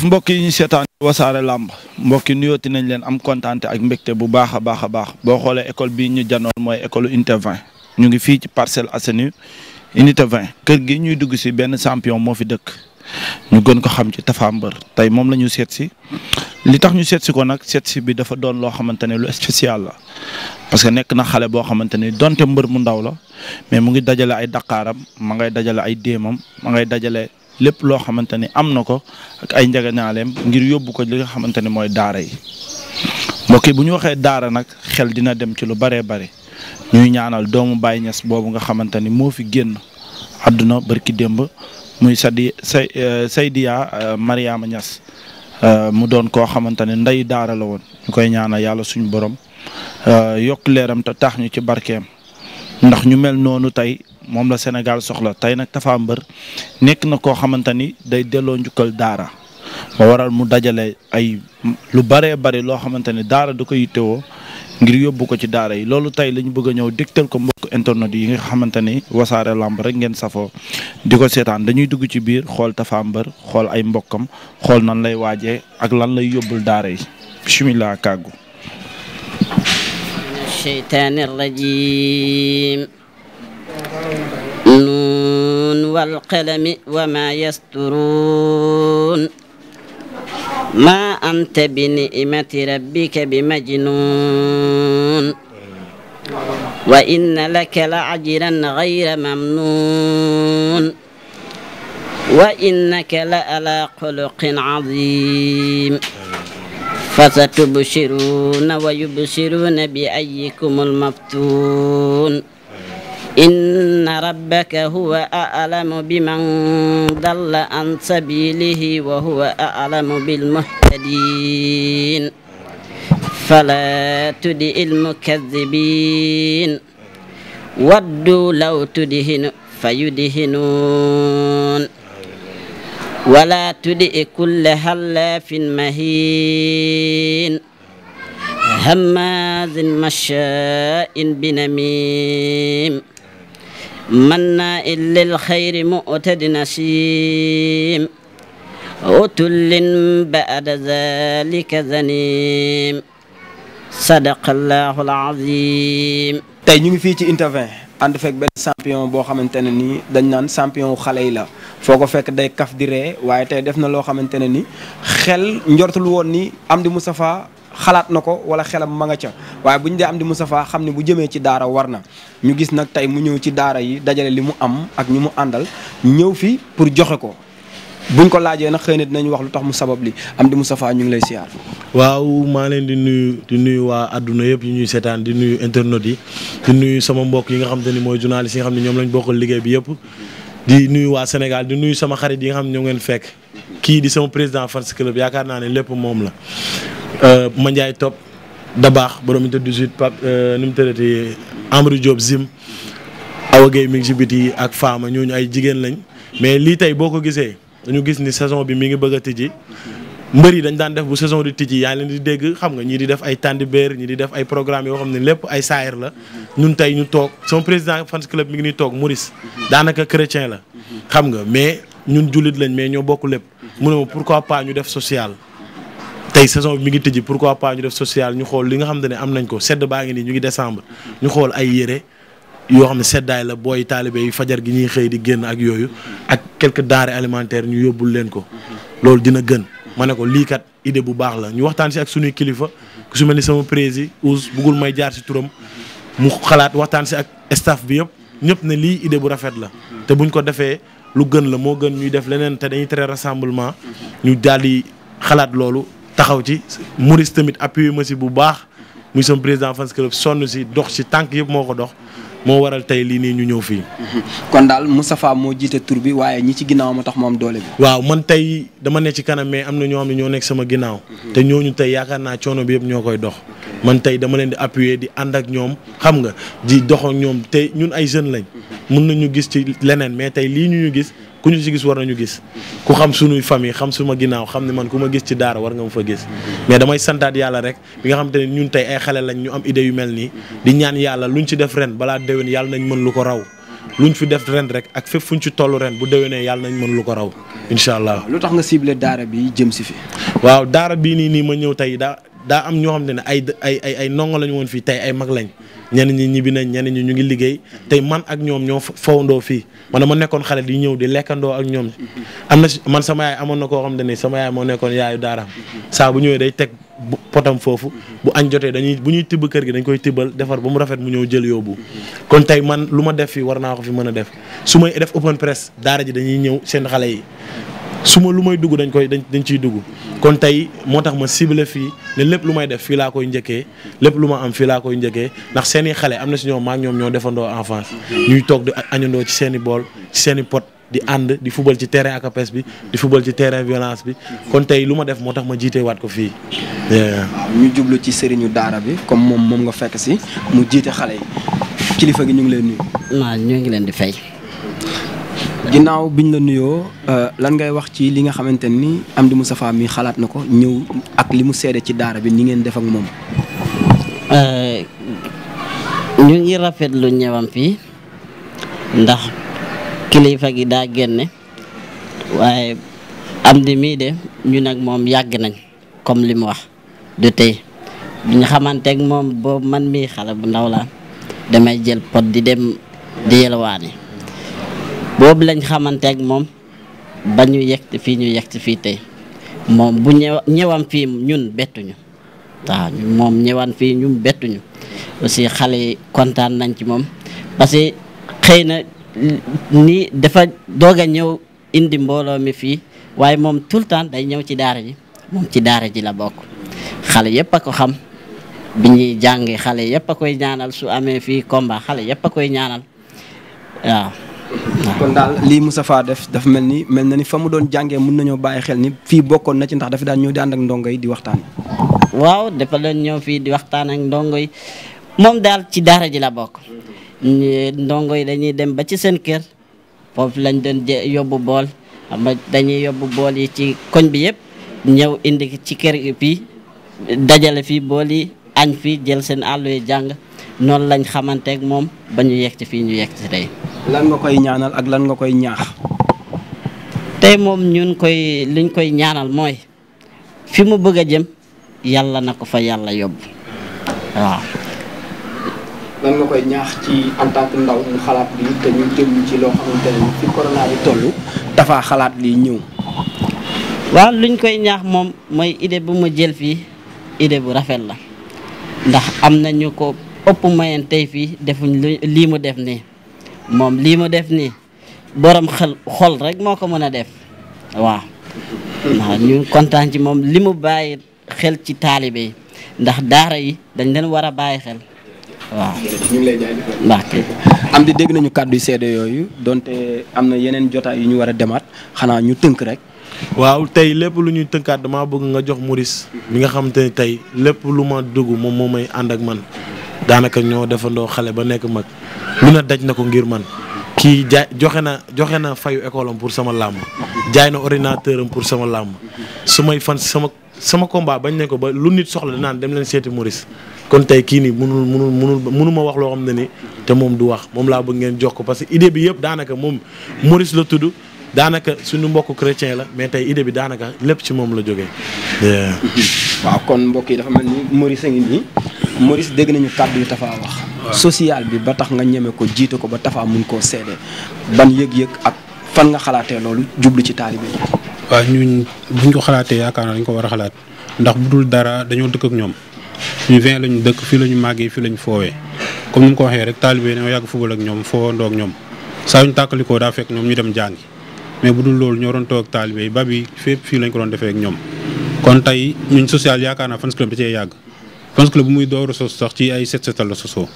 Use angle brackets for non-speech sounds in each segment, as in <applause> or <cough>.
jërëjëf mbokk yi ñu seetaan wasaare làmb mbokk yi ti nañ leen am kontaan ak mbégte bu baax a baax a baax boo xoolee école bii ñu janoon mooy école unité ñu ngi fii ci parcelle Assainies unité 20 kër gi ñuy dugg si benn champion moo fi dëkk ñu gën ko xam ci Tapha mbër tey moom la ñu seet si li tax ñu seet ko nag seetsi bi dafa doon loo xamante ne lu spécial la parce que nekk na xale boo xamante ni donte mbër mu ndaw la mais mu ngi dajale ay daqaaram ma ngay dajale ay déemam lépp loo xamante ni am na ko ak ay njeganaaleem ngir yóbbu ko li nga xamante ni mooy daara yi mbokk yi bu ñu waxee daara nag xel dina dem ci lu baree bare ñuy ñaanal doomu Baye ñas boobu nga xamante ni moo fi génn àdduna barki démb muy Sadi Say euh, Saydiya euh, Mariama Niass euh, mu doon koo xamante ne ndey daara la woon ñu koy ñaanal yàlla suñ boroom yokk leeram tax ñu ci barkeem ndax ñu mel noonu tey moom la Sénégal soxla tey nag Tapha Mbeur nekk na koo xamante ni day delloo njukkal daara ba waral mu dajale ay lu bëree bëri loo xamante ni daara da ko yittewoo ngir yóbbu ko ci daara yi loolu tey la ñu bëgg ñëw dégtal ko mbokk internet yi nga xamante ni wasaare lamb rek ngeen safoo di ko seetaan dañuy dugg ci biir xool Tapha mbër xool ay mbokkam xool nan lay waajee ak lan lay yóbbul daara yi bismillah kàggu والقلم وما يسترون ما أنت بنعمة ربك بمجنون وإن لك لعجرا غير ممنون وإنك لألا خلق عظيم فستبشرون ويبشرون بأيكم المفتون إن ربك هو أعلم بمن ضل عن سبيله وهو أعلم بالمهتدين فلا تدع المكذبين ودوا لو تدهن فيدهنون ولا تدع كل هلاف مهين هماز مشاء بنميم مناع للخير مؤتد نسيم عتل بعد ذلك زنيم صدق الله العظيم tey ñu ngi fii ci intervent ànd fekk benn champion boo xamante ne nii dañ naan champion xale yi la foo ko fekk day kaf di waaye tey def na loo xamante ne ni xel njortul woon ni Amdy Moustapha xalaat na ko wala xelam ma nga ca waaye bu ñu dee am di Moustapha xam ne bu jëmee ci daara war na ñu gis nag tey mu ñëw ci daara yi dajale li mu am ak ñu mu àndal ñëw fi pour joxe ko bu ñu ko laajee nag xëy na dinañ wax lu tax mu sabab li am di Moustapha ñu ngi lay siyaar. waaw maa leen di nuyu di nuyu waa àdduna yëpp yi ñuy seetaan di nuyu internet yi di nuyu sama mbokk yi nga xam te ni mooy journaliste yi nga xam ne ñoom lañ bokkal liggéey bi yëpp di nuyu waa Sénégal di nuyu sama xarit yi nga xam ne ñoo ngeen fekk kii di sama président fans club yaakaar naa ne lépp moom la Euh, Mandiaye Top Dabaax borom unité 18 Pape euh, nu mu tëddati Amadou Diop Zim Awa Gueye mi ngi ci biti ak faama Fama ñooñu ay jigéen lañ mais lii tey boo ko gisee dañu gis ni saison bi mu ngi bëgg a tijji mbër yi dañ daan def bu saison di tijji yaa leen di dégg xam nga ñii di def ay tandibéer ñii di def ay programme yoo xam ne lépp ay saayir la ñun tey ñu toog sama président fans club mi ngi ni toog Maurice daanaka chrétien la xam nga mais ñun jullit lañ mais ñoo bokk lépp mu ne ma pourquoi ñu def social tey saison bi mi ngi tëjji pourquoi pas ñu def social ñu xool li nga xam ne am nañ ko sedd baa ngi nii ñu ngi décembre ñu xool ay yére yoo xam ne seddaay la booy taalibe yi fajar gi ñuy xëy di génn ak yooyu ak quelques denrées alimentaire ñu yóbbul leen ko loolu dina gën ma ne ko lii kat idée bu baax la ñu waxtaan si ak suñuy kilifa ku su mel ni sama prési us buggul may jaar si turam mu xalaat waxtaan si ak staff bi yëpp ñëpp ne lii idée bu rafet la te buñ ko defee lu gën la moo gën ñuy def leneen te dañuy tere rassemblement ñu daal xalaat loolu taxaw ci Maurice tamit appuyé ma si bu baax muy sama président fans club sonn si dox si tànk yëpp moo ko dox moo waral tey lii nii ñu ñëw fii. <laughs> kon daal Moustapha moo jiite tur bi waaye ñi ci ginnaaw ma tax moom doole bi. waaw man tey dama ne ci kanam mais am na ñoo xam ne ñoo nekk sama ginnaaw. Mhm. te ñu tey yaakaar naa coono bi yëpp ñoo koy dox. man tey dama leen di appuyer di ànd ak ñoom xam nga di dox ak ñoom te ñun ay jeunes lañ. Mhm. mun nañu gis ci leneen mais tey lii ñu ñu gis ku ñu si gis war nañu gis ku xam suñuy famille xam suma ginnaaw xam ne man ku ma gis ci daara war nga ma fa gis mais damay santaat yàlla rek bi nga xam te ne ñun tey ay xale lañ ñu am idée yu mel nii di ñaan yàlla luñ ci def ren balaa déwén yàlla nañ mën lu ko raw luñ fi def ren rek ak fépp fuñ ci toll ren bu déwénee yàlla nañ mën lu ko raw incha allah lu tax nga ciblé daara bi jëm si fi waaw daara bii nii nii ma ñëw tey daa am ñoo xam ne ay ay ay ay ndongo lañu woon fii tey ay mag lañ ñenn ñi ñibbi nañ ñenn ñi ñu ngi liggéey tey man ak ñoom ñoo fawandoo fii man dama nekkoon xale di ñëw di lekkandoo ak ñoom am na man sama yaay amoon na koo xam ne sama yaay moo nekkoon yaayu daaraam saa bu ñëwee day teg potam foofu bu añ jotee dañuy bu ñuy tibb kër gi dañ koy tibbal defar ba mu rafet mu ñëw jël yóbbu kon tey man lu ma def fii war naa ko fi mën a def su may def open press daara ji dañuy ñëw seen xale yi su ma lu may dugg dañ koy dañ ciy dugg kon tey moo tax ma ciblé fii ne lépp lu may def fii laa koy njëkkee lépp lu ma am fii laa koy njëkkee ndax seen i xale am na si ñoom maak ñoom ñoo defandoo enfance ñuy toog di añandoo ci seeni bool ci seen pot di ànd di fubal ci terrain akapes bi di fubal ci terrain violence bi kon tey lu ma def moo tax ma jiitee waat ko fii waaw ñu jublu ci sëriñu daara bi comme moom moom nga fekk si mu jiite xale yi kilifa gi ñu ngi leen nuyu. ñoo ngi leen di fay. ginnaaw biñ la nuyoo euh, lan ngay wax ci li nga xamante ni Amdy Moustapha mi xalaat na ko ñëw ak li mu seede ci daara bi ni ngeen def moom. Euh, ñu ngi rafetlu ñëwam fii ndax kilifa gi daa génne waaye Amdy mii de ñu nag moom yàgg nañ comme li mu wax du tey ñu xamanteeg moom boobu man mii xale bu ndaw laa damay jël pot di dem di yelwaani boobu lañ xamanteeg moom ba ñu yegti fii ñu yegti fii tey moom bu ñëw ñëwam fii ñun bettuñu waaw ñëwan fii ñun bettuñu aussi xale yi kontaan nañ ci moom parce que xëy na nii dafa doog a ñëw indi mbooloo mi fii waaye moom tout le temps day ñëw ci daara ji moom ci daara ji la bokk xale yëpp a ko xam bi ñuy jàngi xale yëpp a koy ñaanal su amee fii combat xale yëpp a koy ñaanal waaw kon daal lii faa def dafa mel ni mel na ni fa mu doon jàngee mën nañoo bàyyi xel ni fii bokkoon na ci ndax dafa daan ñoo di ànd ak ndongo di waxtaan. waaw dafa doon ñëw fii di waxtaan ak ndongo yi moom daal ci daara ji la bokk. ndongo yi dañuy dem ba ci seen kër lañ doon yóbbu bool dañuy yóbbu bool yi ci koñ bi yëpp ñëw indi ci kër gi fii dajale fii bool yi añ fii jël seen àll yi jàng noonu lañ xamanteeg moom ba ñu yegg ci fii ñu yegg ci tey. lan nga koy ñaanal ak lan nga koy ñaax. tey moom ñun koy liñ koy ñaanal mooy fi mu bëgg a jëm yàlla na ko fa yàlla yóbbu waaw. lan koy ñaax xalaat bi te ñu jëm koy ñaax moom mooy idée bu ma jël fii idée bu rafet la ndax am na ñu ko ëpp moyen tey fii defuñ lii mu def nii. moom lii mu def nii boroom xel xol rek moo ko mën a def waaw waaw ñu kontaan ci moom li mu bàyyi xel ci taalibe yi ndax daara yi dañ leen war a bàyyi xel waaw. ñu am di dégg nañu kàddu yu yooyu donte am na yeneen jotaay yu ñu war a demaat xanaa ñu tënk rek. waaw tey lépp lu ñuy tënkaat damaa bëgg nga jox Maurice. mi nga xam te ne tey lépp lu ma dugg moom moo may ànd ak man. daanaka ñoo defandoo xale ba nekk mag lu na daj na ko ngir man kii jaay joxe na joxe na fayu école pour sama làmb jaay na ordinateur am pour sama làmb su may fan sama sama combat bañ ne ko ba lu nit soxla naan dem leen seeti Maurice kon tey kii nii munul munul munul munu ma wax loo xam ne ni te moom du wax moom laa bëgg ngeen jox ko parce que idée bi yëpp daanaka moom Maurice la tudd daanaka suñu mbokk chrétien la mais tey idée bi daanaka lépp ci moom la jóge <laughs> waaw kon mbokk yi dafa mel nii Maurice dégg nañu kàddu yu Tafa wax. social bi ba tax nga ñeme ko jiite ko ba Tafa mun koo seede ban yëg-yëg ak fan nga xalaatee loolu jublu ci taalibe yi. waaw ñun buñ ko xalaatee yaakaar naa dañ ko war a xalaat ndax bu dul dara dañoo dëkk ak ñoom ñu vingt lañu dëkk fii la ñu màggee fii la ñu foowee comme ni mu ko waxee rek taalibe yi dañoo yàgg football ak ñoom foowandoo ak ñoom saa ñu tàkkalikoo daa fekk ñoom ñu dem jàngi mais bu dul loolu ñoo doon toog ak taalibe yi ba bi fépp fii lañ ko doon defee ñoom kon tey ñun social yaakaar naa fan club da cee yàgg parce que la bu muy door a sos sax ci ay set setal la sosoo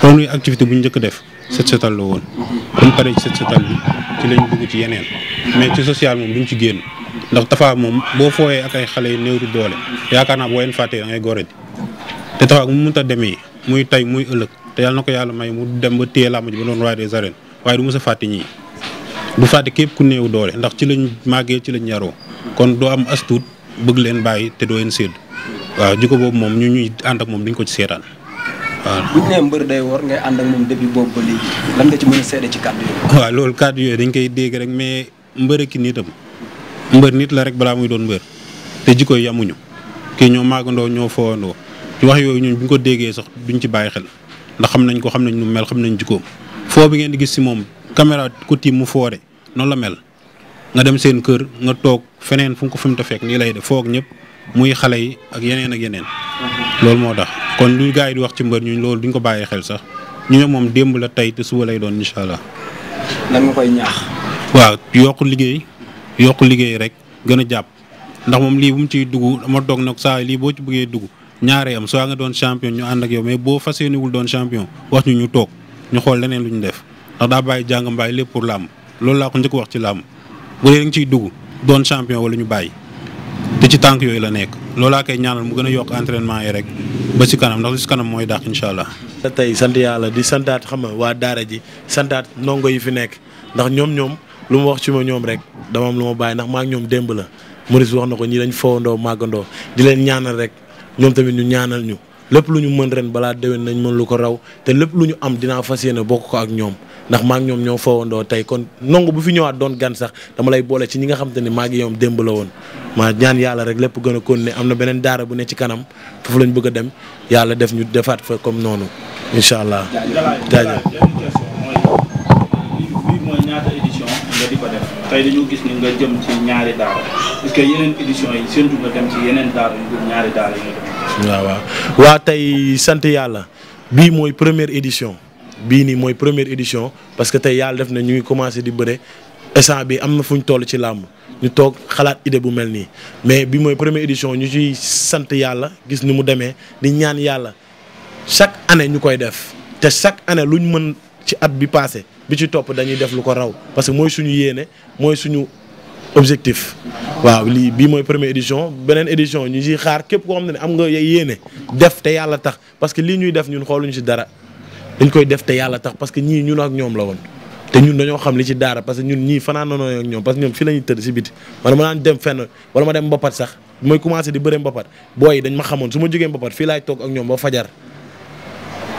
première activité bu ñu njëkk def set setal la woon comme pare ci set setal bi ci lañ dugg ci yeneen mais ci social moom duñ ci génn ndax Tapha moom boo fooyee ak ay xale yu néew di doole yaakaar naa boo leen fàttee da ngay te Tapha mu mënta demee muy tay muy ëllëg te yàlla na ko yàlla may mu dem ba téye làmb ji ba doon roi des arènes waaye du mës a fàtte ñii du fàtte képp ku néew doole ndax ci lañ màggee ci lañ yaroo kon doo am astuut bëgg leen bàyyi te doo leen waaw jikko boobu moom ñu ñuy ànd ak moom duñ ko ci seetaan waaw. bu ñu nee mbër day war ngay ànd ak moom depuis boobu ba léegi lan nga ci mën a waaw loolu kàddu yooyu dañ koy dégg rek mais mbër ki nitam mbër nit la rek balaa muy doon mbër te jikko yi amuñu kii ñoo màggandoo ñoo foowandoo ci wax yooyu ñu bu ñu ko déggee sax duñ ci bàyyi xel ndax xam nañ ko xam nañ nu mel xam nañ jikkoom foo bi ngeen di gis si moom caméra ku tiim mu foore noonu la mel nga dem seen kër nga toog feneen fu mu ta fekk nii lay def foog ñëpp muy xale yi ak yeneen ak yeneen. loolu moo tax kon lu gars yi di wax ci mbër ñu loolu duñ ko bàyyee xel sax ñu ne moom démb la tey te suba lay doon incha allah. lan nga koy ñaax. waaw yokk liggéey yokk liggéey rek gën a jàpp ndax moom lii bu mu ciy dugg dama toog nag saa lii boo ci bëggee dugg ñaaree am soo nga doon champion ñu ànd ak yow mais boo fas yéenewul doon champion wax ñu ñu toog ñu xool leneen lu ñu def ndax daa bàyyi jàng mbaay lépp pour làmb loolu laa ko wax ci làmb bu dee ciy dugg doon champion wala ñu bàyyi. te ci tànk yooyu la nekk loolu koy ñaanal mu gën a yokk entraînement yi rek ba si kanam ndax li si kanam mooy dàq incha allah. tey sant yàlla di santaat xam nga waa daara ji santaat ndongo yi fi nekk ndax ñoom ñoom lu mu wax ci ma ñoom rek dama am lu ma bàyyi ndax maak ñoom démb la si wax na ko ñii dañ foowandoo màggandoo di leen ñaanal rek ñoom tamit ñu ñaanal ñu. lépp lu ñu mën ren balaa déwén nañ mën lu ko raw te lépp lu ñu am dinaa fa yéene bokk ko ak ñoom ndax maak ngi ñoom ñoo fawandoo tey kon nongu bu fi ñëwaat doon gan sax dama lay boole ci ñi nga xam ni ne maa ñoom démb la woon maa ñaan yàlla rek lépp gën a continuer am na beneen daara bu ne ci kanam foofu lañ bëgg a dem yàlla def ñu defaat fa comme noonu incha allah jaajëf waaw waaw waa tey sant yàlla bii mooy première édition bii nii mooy première édition parce que tey yàlla def na ñu ngi commencé di bëre instant bi am na fu ñu toll ci làmb ñu toog xalaat idée bu mel nii mais bi mooy première édition ñu ciy sant yàlla gis ni mu demee di ñaan yàlla chaque année ñu koy def te chaque année luñ mën ci at bi passé bi ci topp dañuy def lu ko raw parce que mooy suñu yéene mooy suñu objectif waaw lii bii mooy première édition beneen édition ñu ciy xaar képp ko xam ne am nga yéene def te yàlla tax parce que lii ñuy def ñun xooluñu ci dara dañ koy def te yàlla tax parce que ñii ñun ak ñoom la woon te ñun dañoo xam li ci daara parce que ñun ñii fanaan nanoo ak ñoom parce que ñoom fii la ñuy tëdd si biti man ma naan dem fenn wala ma dem mbapat sax mooy commencé di bëre mbapat booy dañ ma xamoon su ma jógee mbapat fii laay toog ak ñoom ba fajar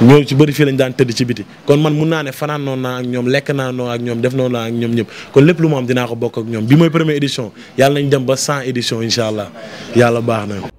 ñoo ci bëri fii lañ daan tëdd ci biti kon man mun naa ne fanaan noonu ak ñoom lekk naa noonu ak ñoom def noonu naa ak ñoom ñëpp kon lépp lu mu am dinaa ko bokk ak ñoom bi mooy première édition yàlla nañ dem ba 100 édition incha allah yàlla baax na